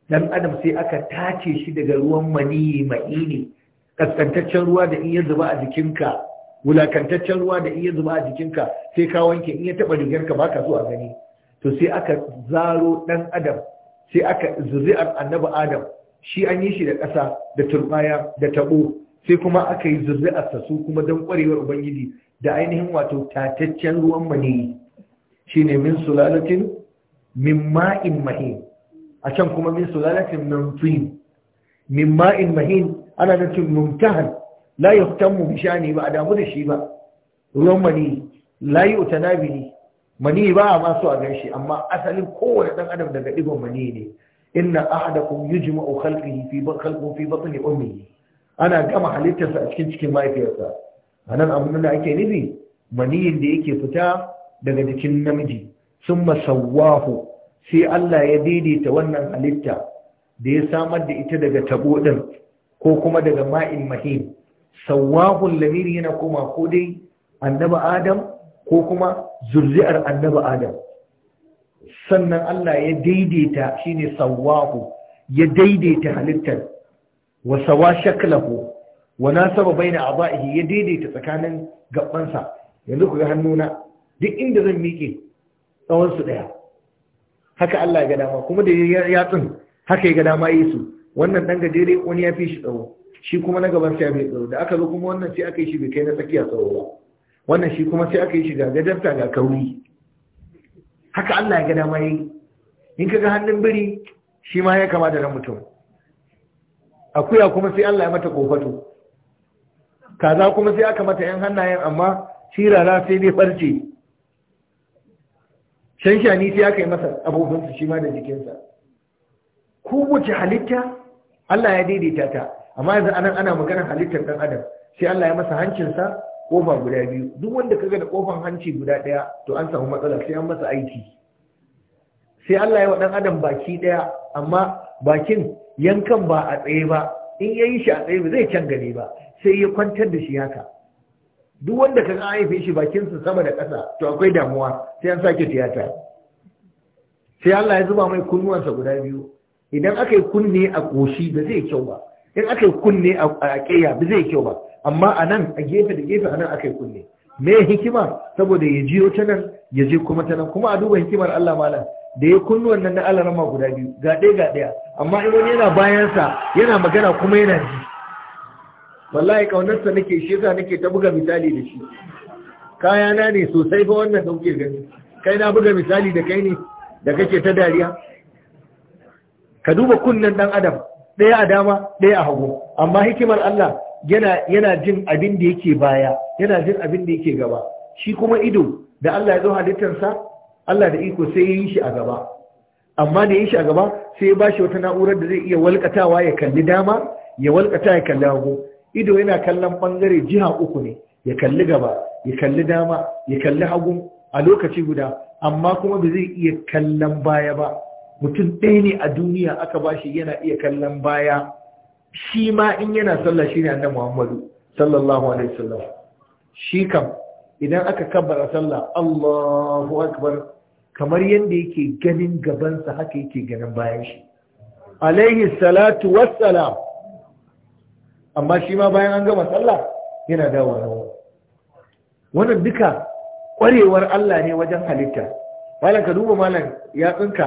dan adam sai aka tace shi daga ruwan maniyi ma'ini kaskantaccen ruwa da in ya zuba a jikinka wulakantaccen ruwa da in ya zuba a jikinka sai ka wanke in ya taba rigarka baka so a gani to sai aka zaro dan adam sai aka zuzi'ar annabi adam shi an yi shi da ƙasa da turbaya da tabo sai kuma aka yi zuzi'ar sa su kuma dan kwarewar ubangiji da ainihin wato tataccen ruwan maniyi shine min sulalatin min ma'in mahin a can kuma min sulalatin min min ma'in mahin ana nufin mumtahan la mu bi ba a damu da shi ba ruwan mani la yu'tana bihi mani ba a masu a gaishe, amma asalin kowane ɗan adam daga ɗiban mani ne inna ahadakum yujma'u khalqihi fi khalqu fi batni ummihi ana gama halittarsa a cikin cikin mahaifiyarsa anan abin da ake nufi maniyin da yake fita daga jikin namiji summa sawwahu sai Allah ya daidaita wannan halitta da ya samar da ita daga tabo din ko kuma daga ma'in mahin sawahul lamiri yana koma ko dai Annabi adam ko kuma zurri'ar Annabi adam sannan Allah ya daidaita shine sawahu ya daidaita halittar wa sawa shaklahu wa nasaba baina a'dahi ya daidaita tsakanin gabansa yanzu ku ga hannuna duk inda zan miƙe tsawon su daya haka Allah ya ga dama kuma da ya yatsun haka ya ga dama yi su wannan dan gajere wani ya fi shi tsawo shi kuma na gaban sai bai tsawo da aka zo kuma wannan sai aka yi shi bai kai na tsakiya tsawo ba wannan shi kuma sai aka yi shi ga gajarta ga kauri haka Allah ya ga dama yi in kaga hannun biri shi ma ya kama da na mutum akuya kuma sai Allah ya mata kofato kaza kuma sai aka mata yan hannayen amma shirara sai dai farce can shani sai aka yi masa abubuwansu shi ma da jikinsa ku wuce halitta Allah ya daidaita ta amma yanzu anan ana maganar halittar dan adam sai Allah ya masa hancinsa kofa guda biyu duk wanda kaga da kofan hanci guda ɗaya, to an samu matsala sai an masa aiki sai Allah ya wa dan adam baki ɗaya. amma bakin yankan ba a tsaye ba in ya yi shi a tsaye ba zai can gane ba sai ya kwantar da shi haka duk wanda ka ga haife shi bakinsa sama da ƙasa to akwai damuwa sai an sake tiyata sai Allah ya zuba mai kunnuwansa guda biyu idan aka yi kunne a ƙoshi ba zai kyau ba in aka yi kunne a ƙeya ba zai kyau ba amma a nan a gefe da gefe a nan aka yi kunne me hikima saboda ya jiyo ta nan ya je kuma ta nan kuma a duba hikimar Allah malam da ya kunnuwan nan na Allah rama guda biyu ga ɗaya ga ɗaya amma in wani yana bayansa yana magana kuma yana ji wallahi kaunarsa nake shi yasa nake ta buga misali da shi kaya na ne sosai fa wannan dauke gani kai na buga misali da kai ne da kake ta dariya ka duba kunnen dan adam ɗaya a dama ɗaya a hagu amma hikimar Allah yana jin abin da yake baya yana jin abin da yake gaba shi kuma ido da Allah ya zo halittar sa Allah da iko sai ya shi a gaba amma da ya yi shi a gaba sai ya bashi wata na'urar da zai iya walkatawa ya kalli dama ya walkata ya kalli hagu ido yana kallon bangare jiha uku ne ya kalli gaba ya kalli dama ya kalli hagu a lokaci guda amma kuma ba zai iya kallon baya ba mutum ɗaya ne a duniya aka bashi yana iya kallon baya shi ma in yana sallah shi ne annabi Muhammadu sallallahu alaihi wasallam shi kam idan aka kabbara sallah Allahu akbar kamar yadda yake ganin gabansa haka yake ganin bayan shi alaihi salatu wassalam amma shi ma bayan an gama sallah yana dawowa nan wannan duka kwarewar Allah ne wajen halitta malam ka duba malam ya tsinka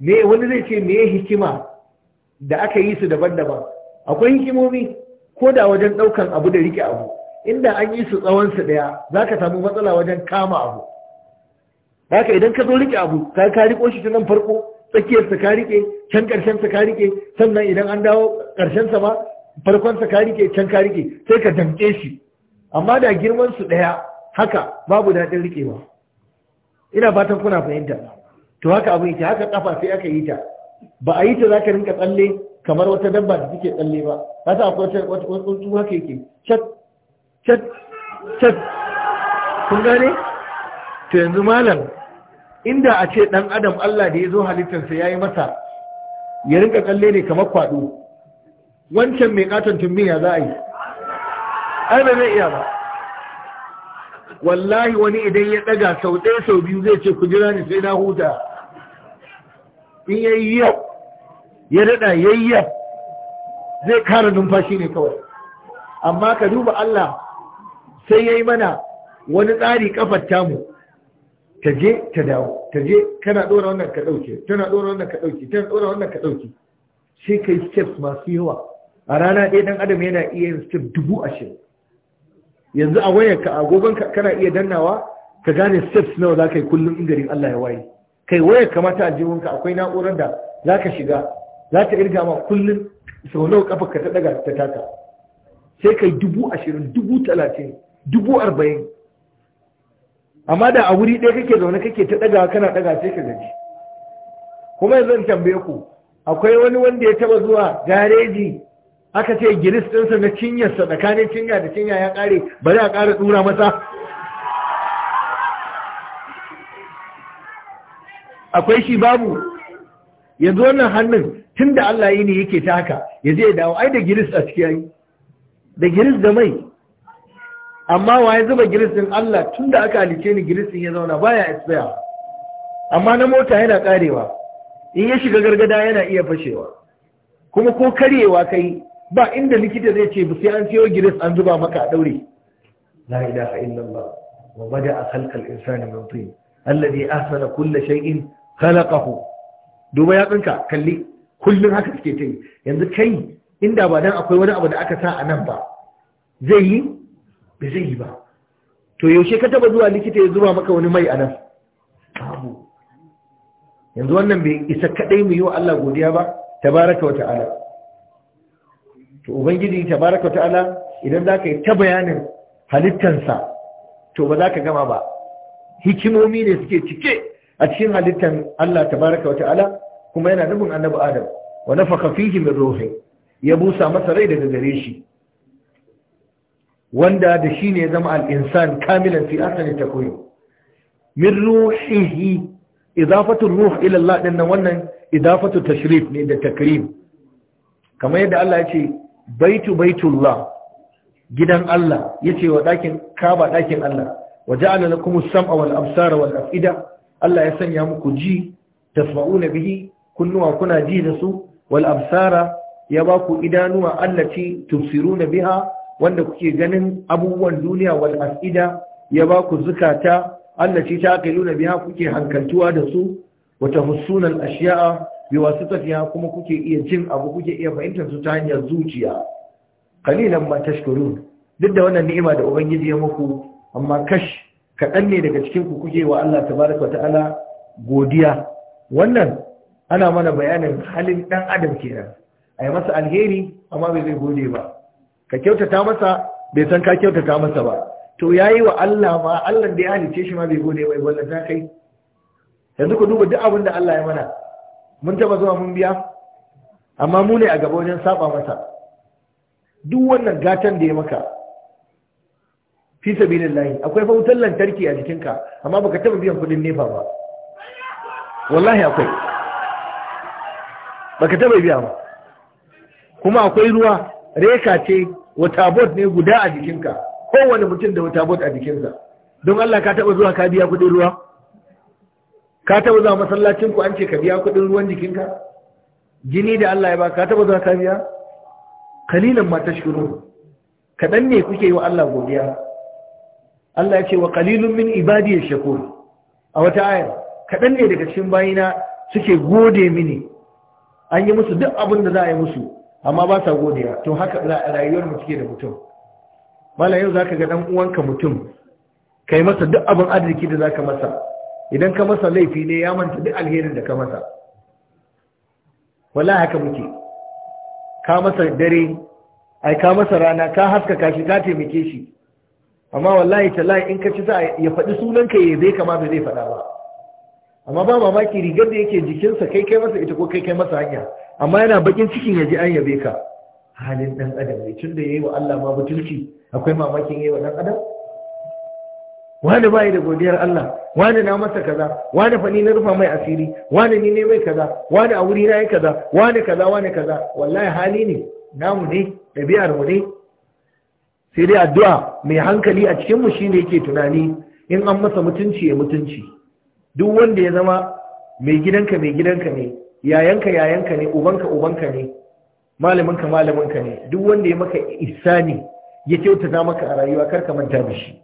me wani zai ce me hikima da aka yi su daban-daban akwai hikimomi ko da wajen ɗaukan abu da rike abu inda an yi su tsawon su daya zaka samu matsala wajen kama abu haka idan ka zo rike abu ka ka riko shi tunan farko tsakiyar sa ka rike can ƙarshen sa ka rike sannan idan an dawo karshen sa ma farkon sa ka rike can ka rike sai ka damke shi amma da girman su daya haka babu daɗin riƙewa ina fatan kuna fahimta to haka abin yake haka kafa sai aka yi ta ba a yi ta zaka rinka tsalle kamar wata dabba da take tsalle ba ka sa akwai wata wata tsuntsu haka yake chat chat chat kun gane to yanzu malam inda a ce dan adam Allah da ya zo halittarsa ya yi masa ya rinka tsalle ne kamar kwado wancan mai katon tumbin ya za a yi ai ba zai iya ba wallahi wani idan ya daga sau ɗaya sau biyu zai ce ku jira ni sai na huta in yayi yau ya daɗa ya zai kara numfashi ne kawai amma ka duba Allah sai ya yi mana wani tsari kafar tamu ta je ta dawo ta je kana ɗora wannan ka ɗauke tana ɗora wannan ka ɗauke tana ɗora wannan ka ɗauke sai ka yi steps masu yawa a rana ɗaya ɗan adam yana iya yin dubu ashirin yanzu a wayar ka agogon kana iya dannawa ka gane steps nawa za ka yi kullum in Allah ya waye kai wayar kamata a ka akwai na'urar da za ka shiga za ta irga ma kullum sau nawa kafa ka ta daga ta taka sai kai dubu ashirin dubu talatin dubu arba'in amma da a wuri ɗaya kake zaune kake ta daga kana ɗaga sai ka gaji kuma yanzu zan tambaye ku akwai wani wanda ya taba zuwa gareji aka ce giris ɗinsa na cinyarsa tsakanin cinya da cinya ya ƙare bari a ƙara ɗura masa akwai shi babu yanzu wannan hannun tun da Allah yi ne yake ta haka ya zai dawo ai da gilis a ciki da gilis da mai amma wa ya zuba giris ɗin Allah tun da aka halice ni gilis ɗin ya zauna baya ya amma na mota yana ƙarewa in ya shiga gargada yana iya fashewa kuma ko karyewa kai ba inda likita zai ce sai an siyo giris an zuba maka a daure la ilaha illallah wa bada khalqal insani min tin alladhi ahsana kulla shay'in khalaqahu duba ya tsinka kalli kullun haka suke tayi yanzu kai inda ba dan akwai wani abu da aka sa a nan ba zai yi ba zai yi ba to yaushe ka taba zuwa likita ya zuba maka wani mai anan? nan yanzu wannan bai isa kadai mu yi wa Allah godiya ba tabaraka wa ta'ala to ubangiji tabaraka ta'ala idan za ka yi ta bayanin halittansa to ba za ka gama ba hikimomi ne suke cike a cikin halittan Allah tabaraka ta'ala kuma yana nufin annabu adam wa nafaka ruhi ya busa masa rai daga gare shi wanda da shi ne ya zama al-insan kamilan fi asali koyo min ruhihi idafatu ruh ila Allah nan wannan idafatu tashrif ne da takrim kamar yadda Allah ya ce baitu baitullah gidan Allah yace wa dakin kaba dakin Allah wa ja'ala lakum as-sam'a wal absara wal af'ida Allah ya sanya muku ji tasma'una bihi kunnuwa kuna ji da su wal absara ya ba ku idanuwa allati na biha wanda kuke ganin abubuwan duniya wal af'ida ya ba ku zukata allati taqiluna biha kuke hankaltuwa da su wa tahussunal ashiya'a bi wasu tafiya kuma kuke iya jin abu kuke iya fahimtar su ta hanyar zuciya kalilan ma tashkurun duk da wannan ni'ima da ubangiji ya muku amma kash kaɗan ne daga cikin ku kuke wa Allah tabaraka wa ta'ala godiya wannan ana mana bayanin halin ɗan adam kenan a yi masa alheri amma bai zai gode ba ka kyautata masa bai san ka kyautata masa ba to ya yi wa Allah ma Allah da ya halice shi ma bai gode ba wannan ta kai yanzu ku duba duk abin da Allah ya mana mun taba zuwa mun biya amma mu ne a gaba wajen saba masa duk wannan gatan da ya maka fi sabilillahi akwai fa wutar lantarki a jikinka amma baka taba biyan kudin nefa ba wallahi akwai baka taba biya ba kuma akwai ruwa reka ce wata bot ne guda a jikinka kowane mutum da wata bot a jikinsa don Allah ka taba zuwa ka biya kudin ruwa ka taba zama masallacin ku an ce ka biya kuɗin ruwan jikinka jini da Allah ya ba ka taba zama ka biya qalilan ma tashkurun kaɗan ne kuke yi wa Allah godiya Allah ya ce wa qalilun min ibadi yashkur a wata ayar kaɗan ne daga cikin bayina suke gode mini an yi musu duk abin da za a yi musu amma ba sa godiya to haka rayuwar mu take da mutum malam yau zaka ga dan uwanka mutum kai masa duk abin arziki da zaka masa idan ka masa laifi ne ya manta duk alherin da ka masa wallahi haka muke ka masa dare ai ka masa rana ka haskaka shi ka taimake shi amma wallahi tallahi in ka ci sa ya faɗi sunanka ya zai kama zai faɗa ba amma ba mamaki rigar da yake jikinsa kai kai masa ita ko kai kai masa hanya amma yana bakin cikin ya ji an yabe ka halin ɗan adam ne tun da ya yi wa Allah ma butulci akwai mamakin ya yi wa ɗan adam wani bai da godiyar Allah wani na masa kaza wani fani na rufa mai asiri wani ni ne mai kaza wani a wuri na yi kaza wani kaza wani kaza wallahi hali ne namu ne ɗabi'ar mu ne sai dai addu'a mai hankali a cikin mu shine yake tunani in an masa mutunci ya mutunci duk wanda ya zama mai gidanka mai gidanka ne yayanka yayanka ne ubanka ubanka ne malaminka malaminka ne duk wanda ya maka ihsani ya kyautata maka a rayuwa kar ka manta da shi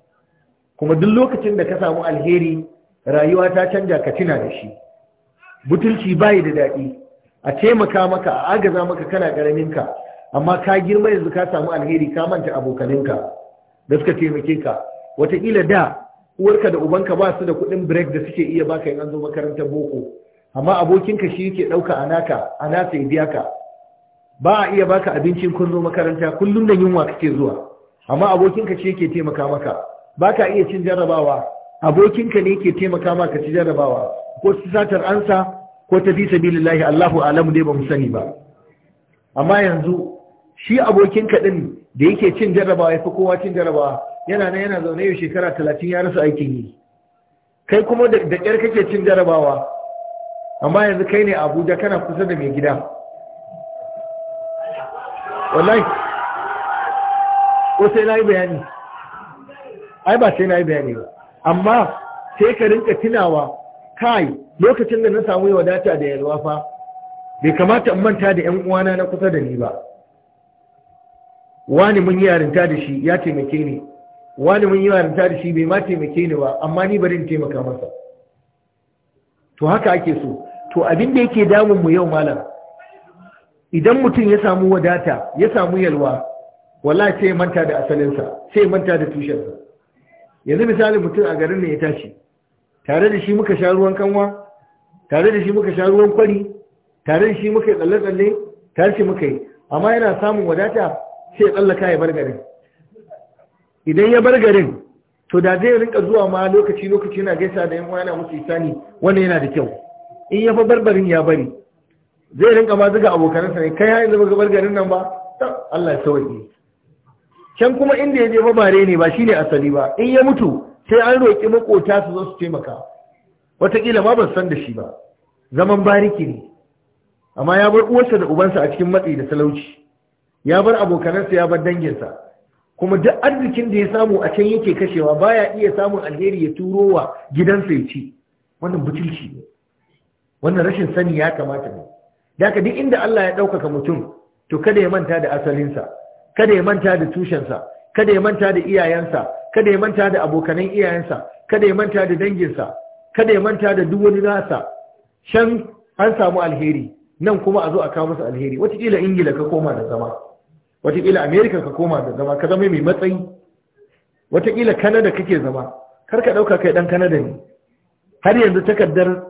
kuma duk lokacin da ka samu alheri rayuwa ta canja ka tuna da shi butulci bai da daɗi a taimaka maka a agaza maka kana ka, amma ka girma yanzu ka samu alheri ka manta abokaninka da suka taimake ka wataƙila da uwarka da ubanka ba su da kuɗin break da suke iya baka in an zo makarantar boko amma abokinka shi yake ɗauka a naka a nasa ya biya ka ba a iya baka abincin kun zo makaranta kullum da yunwa kake zuwa amma abokinka shi yake taimaka maka ba ka iya cin jarrabawa abokinka ne ke taimaka maka cin jarrabawa ko su satar ansa ko ta fi lillahi Allahu alamu dai ba mu sani ba amma yanzu shi abokinka din da yake cin jarrabawa ya fi kowa cin jarrabawa yana nan yana zaune yau shekara talatin ya rasa aikin yi kai kuma da ƙyar kake cin jarrabawa amma yanzu kai ne abuja kana kusa da mai gida wallahi ko sai na yi bayani ai ba sai na yi bayani ba amma sai ka rinka tunawa kai lokacin da na samu yi wadata da yalwa fa bai kamata in manta da yan uwana na kusa da ni ba wani mun yi yarinta da shi ya taimake ni wani mun yi yarinta da shi bai ma taimake ni ba amma ni bari in taimaka masa to haka ake so to abin da yake damun mu yau malam idan mutum ya samu wadata ya samu yalwa wallahi sai manta da asalinsa sai manta da tushensa yanzu misali mutum a garin ne ya tashi tare da shi muka sha ruwan kanwa tare da shi muka sha ruwan kwari tare da shi muka yi tsalle-tsalle tare shi muka yi amma yana samun wadata sai ya tsallaka ya bar garin idan ya bar garin to da zai rinka zuwa ma lokaci lokaci yana gaisa da yan wani musu isani wannan yana da kyau in ya fa barbarin ya bari zai rinka ma zuga abokanansa ne kai ya yanzu baka garin nan ba Allah ya sauke can kuma inda ya je mabare ne ba shine asali ba in ya mutu sai an roƙi makota su zo su taimaka wataƙila ma ban san da shi ba zaman bariki ne amma ya bar uwarsa da ubansa a cikin matsi da talauci ya bar abokanansa ya bar danginsa kuma duk arzikin da ya samu a can yake kashewa baya iya samun alheri ya turo wa gidansa ya ci wannan butulci ne wannan rashin sani ya kamata ne da duk inda Allah ya ɗaukaka mutum to kada ya manta da asalinsa kada ya manta da tushensa kada ya manta da iyayensa kada ya manta da abokanan iyayensa kada ya manta da danginsa kada ya manta da duk wani nasa shan an samu alheri nan kuma a zo a kawo masa alheri watakila ingila ka koma da zama watakila amerika ka koma da zama ka zama mai matsayi watakila kanada kake zama kar ka ɗauka kai ɗan kanada ne har yanzu takardar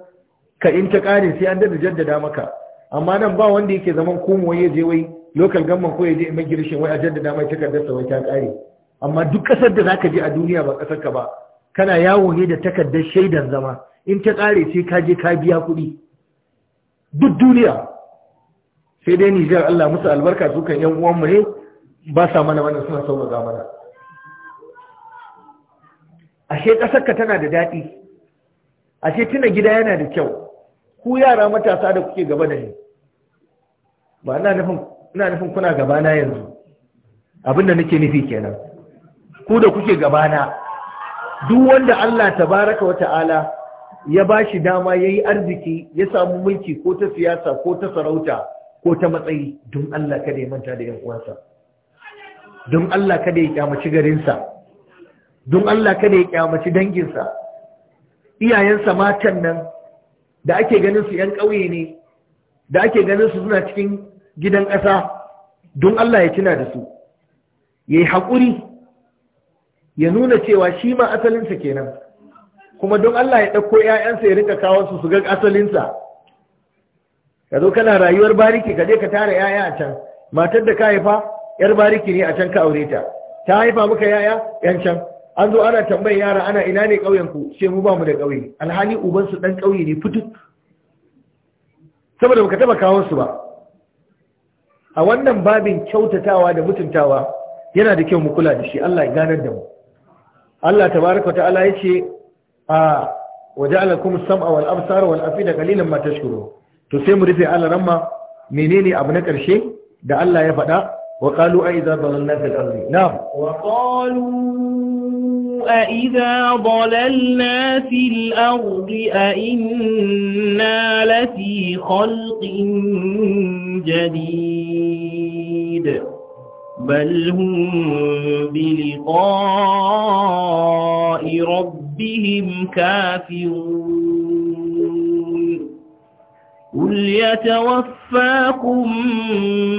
ka in ta ƙare sai an dada jaddada maka amma nan ba wanda yake zaman komo ya je wai Lokal gamman ko ya je immigration wai a jaddada mai takardar sa wai ta kare amma duk kasar da zaka je a duniya ba kasar ka ba kana yawo ne da takardar shaidan zama in ta kare sai ka je ka biya kuɗi duk duniya sai dai Nijar Allah musu albarka su kan yan mu ne ba sa mana wannan suna ga mana ashe ka tana da daɗi ashe tuna gida yana da kyau ku yara matasa da kuke gaba da ni ba ina nufin ina nufin kuna gabana yanzu abinda nake nufi kenan ku da kuke gabana duk wanda Allah tabaraka wata'ala ya bashi dama yayi arziki ya samu mulki ko ta siyasa ko ta sarauta ko ta matsayi don Allah kada ya manta da yan uwansa don Allah kada ya kyamaci garinsa don Allah kada ya kyamaci danginsa iyayensa matan nan da ake ganin su yan ƙauye ne da ake ganin su suna cikin gidan ƙasa don Allah ya tuna da su ya yi haƙuri ya nuna cewa shi ma asalinsa kenan kuma don Allah ya ɗauko ‘ya'yansa ya rika kawo su su ga asalinsa ka zo kana rayuwar bariki ka je ka tara ‘ya'ya a can matar da ka haifa ‘yar bariki ne a can ka aure ta ta haifa muka ‘ya'ya ‘yan can an zo ana tambayin yara ana ina ne ƙauyenku sai mu ba mu da ƙauye alhali ubansu ɗan ƙauye ne fitut. saboda baka taɓa kawo su ba a wannan babin kyautatawa da mutuntawa yana da kyau mu kula da shi Allah ya ganar da mu Allah tabaraka ta'ala yace a waja'alakum as-sam'a wal absara wal afida qalilan ma tashkuru to sai mu rufe alaramma menene abu na karshe da Allah ya faɗa وقالوا أئذا ضللنا في الأرض نعم
وقالوا أئذا ضللنا في الأرض أئنا لفي خلق جديد بل هم بلقاء ربهم كافرون قل يتوفى يتوفاكم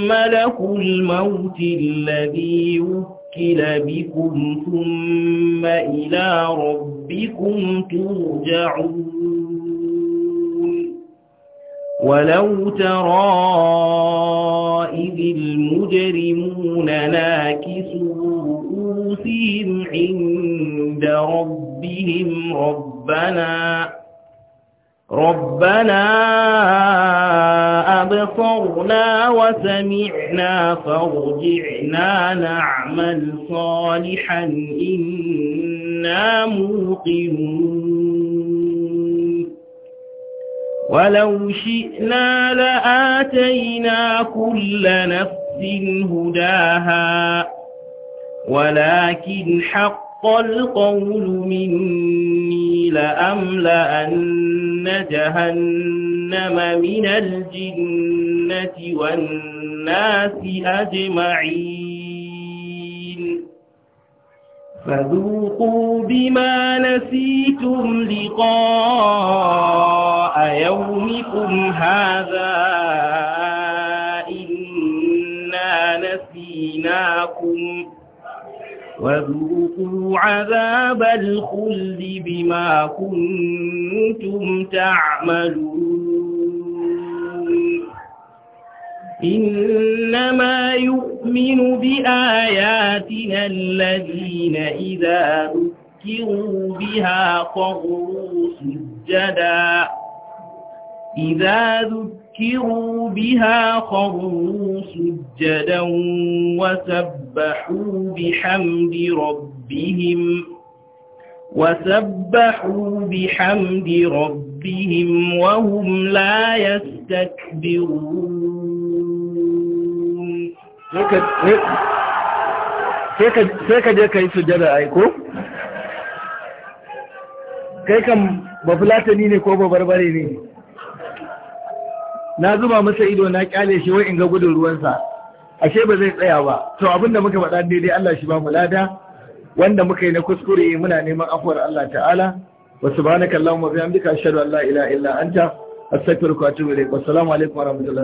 ملك الموت الذي يوكل بكم ثم إلى ربكم ترجعون ولو ترى إذ المجرمون ناكسوا رؤوسهم عند ربهم ربنا ربنا أبصرنا وسمعنا فارجعنا نعمل صالحا إنا موقنون ولو شئنا لآتينا كل نفس هداها ولكن حق القول مني لأملأن جهنم من الجنة والناس أجمعين فذوقوا بما نسيتم لقاء يومكم هذا إنا نسيناكم وذوقوا عذاب الخلد بما كنتم تعملون إنما يؤمن بآياتنا الذين إذا ذكروا بها قروا سجدا إذا ذكروا فذكروا بها خروا سجدا وسبحوا بحمد ربهم وسبحوا بحمد ربهم وهم لا يستكبرون sai ka
je ka yi a ko? kai kan bafulatani ne ko babarbare ne na zuba masa ido na kyale shi wai in ga gudun ruwansa ashe ba zai tsaya ba to abin da muka faɗa daidai Allah shi ba mu lada wanda muka yi na kuskure muna neman afuwar Allah ta'ala wa subhanaka allahumma bihamdika ashhadu an la ilaha illa anta astaghfiruka wa atubu ilayk wa salamu alaikum wa rahmatullahi